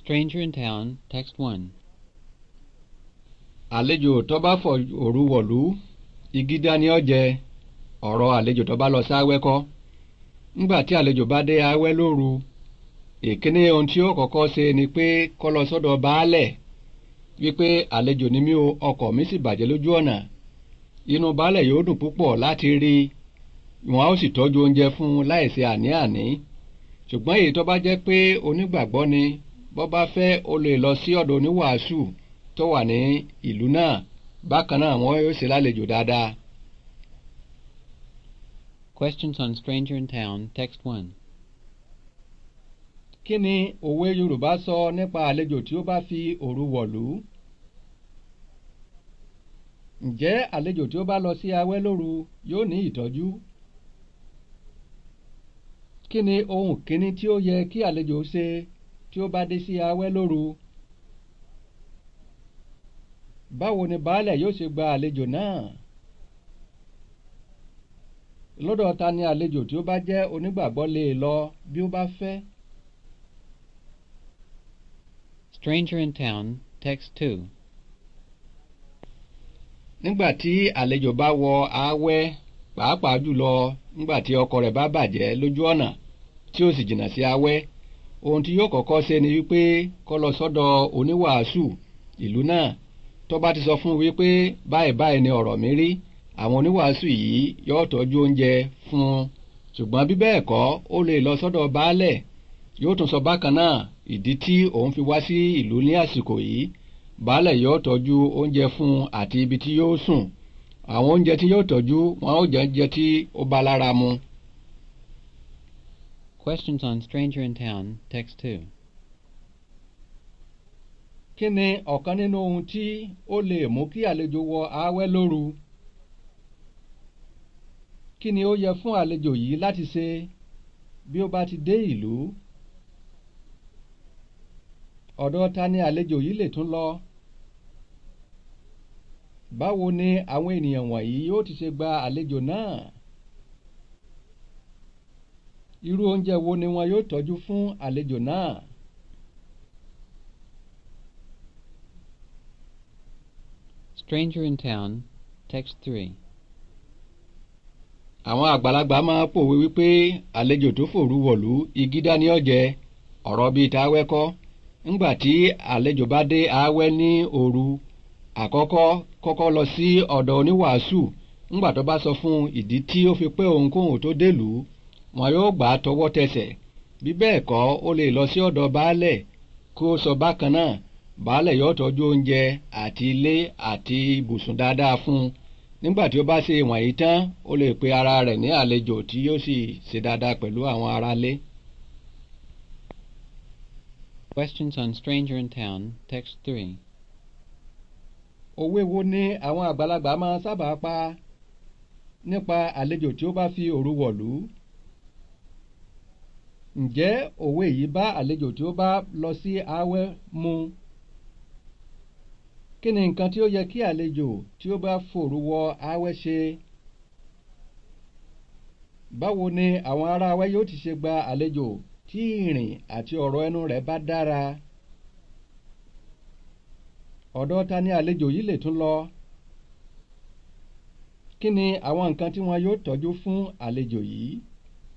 "Stranger in Town," Text 1. àlejò tó bá fòru wọ̀lú ìgídá ni ó jẹ ọ̀rọ̀ àlejò tó bá lọ sáwẹ́ kọ́ ńgbà tí àlejò bá dé awẹ́ lóru ìkíní ohun tí ó kọ́kọ́ ṣe ni pé kọ́ lọ sọ́dọ̀ baálẹ̀ wípé àlejò ni mí o ọkọ̀ mi sì bàjẹ́ lójú ọ̀nà inú baálẹ̀ yóò dùn púpọ̀ láti rí wọn ó sì tọ́jú oúnjẹ fún un láìsí àní-àní ṣùgbọ́n èyí tó bá jẹ́ pé onígbàgbọ́ ni bó fẹ́ o lè lọ sí ọ̀dọ̀ oníwàásù tó wà ní ìlú náà bákan náà wọn yóò ṣe lálejò dáadáa. Questions on Stranger in Town, Text One. Kí ni òwe Yorùbá sọ nípa àlejò tí ó bá fi òru wọ̀lú? Ǹjẹ́ àlejò tí ó bá lọ sí awẹ́ lóru yóò ní ìtọ́jú? Kí ni ohun kìíní tí ó yẹ kí àlejò ṣe? tí ó bá dé sí awẹ́ lóru báwo ni baálẹ̀ yóò ṣe gba àlejò náà lọ́dọ̀ ta ni àlejò tí ó bá jẹ́ onígbàgbọ́ lè lọ bí ó bá fẹ́. Stranger in Town text two. nígbà tí àlejò bá wọ awẹ́ pàápàá jùlọ nígbà tí rẹ̀ bá bàjẹ́ lójú ọ̀nà tí ó sì jìnnà sí awẹ́. ohun tí yóò kọ́kọ́ ṣe ni wípé kó lọ sọ́dọ̀ oníwàásù ìlú náà tó bá ti sọ fún wípé báyìí báyìí ni ọ̀rọ̀ mi rí àwọn oníwàásù yìí yóò tọ́jú oúnjẹ fún un ṣùgbọ́n bí bẹ́ẹ̀ kọ́ ó lè lọ sọ́dọ̀ baálẹ̀ yóò tún sọ bákan náà ìdí tí òun fi wá sí ìlú ní àsìkò yìí baálẹ̀ yóò tọ́jú oúnjẹ fún un àti ibi tí yóò sùn àwọn oúnjẹ tí yóò tọ́jú wọn ó jẹ́ oúnjẹ tí ó bá lára mu Questions on Stranger in Town, Text 2. Kí ni ọ̀kan nínú ohun tí ó lè mú kí àlejò wọ ààwẹ̀ lóru? Kí ni ó yẹ fún àlejò yìí láti ṣe bí ó bá ti dé ìlú? Ọ̀dọ̀ ta ni àlejò yìí lè tún lọ? Báwo ni àwọn ènìyàn wọ̀nyí yóò ti ṣe gba àlejò náà? Irú oúnjẹ wo ni wọn yóò tọ́jú fún àlejò náà? Stranger in Town, Text Three. Àwọn àgbàlagbà máa pòwe wípé àlejò tó fòru wọ̀lú igi dá ní ọ̀jẹ̀ ọ̀rọ̀ bíi táwẹ́ kọ́. Ńgbà tí àlejò bá dé àwẹ́ ní òru àkọ́kọ́ kọ́kọ́ lọ sí ọ̀dọ̀ oníwàásù ńgbà tó bá sọ fún ìdí tí ó fi pẹ́ òun tó délùú wọn yóò gbà á tọwọ́ tẹsẹ̀ bí bẹ́ẹ̀ kọ́ ó lè lọ sí ọ̀dọ̀ baálẹ̀ kó sọ bákan náà baálẹ̀ yóò tọ́jú oúnjẹ àti ilé àti ibùsùn dáadáa fún un nígbà tí ó bá ṣe wọ̀nyí tán ó lè pe ara rẹ̀ ní àlejò tí yóò sì ṣe dáadáa pẹ̀lú àwọn aráalé. Questions on Stranger in Town, text three. Òwe wo ni àwọn àgbàlagbà máa sábà pa nípa àlejò tí ó bá fi òru wọ̀lú? Ǹjẹ́ òwe yìí bá àlejò tí ó bá lọ sí Awẹ́ mu? Kí ni nǹkan tí ó yẹ kí àlejò tí ó bá fòru wọ Awẹ́ ṣe? Báwo ni àwọn ará Awẹ́ yóò ti ṣe gba àlejò tí ìrìn àti ọ̀rọ̀ ẹnu rẹ̀ bá dára? Ọ̀dọ̀ ta ni àlejò yìí lè tún lọ? Kí ni àwọn nǹkan tí wọn yóò tọ́jú fún àlejò yìí?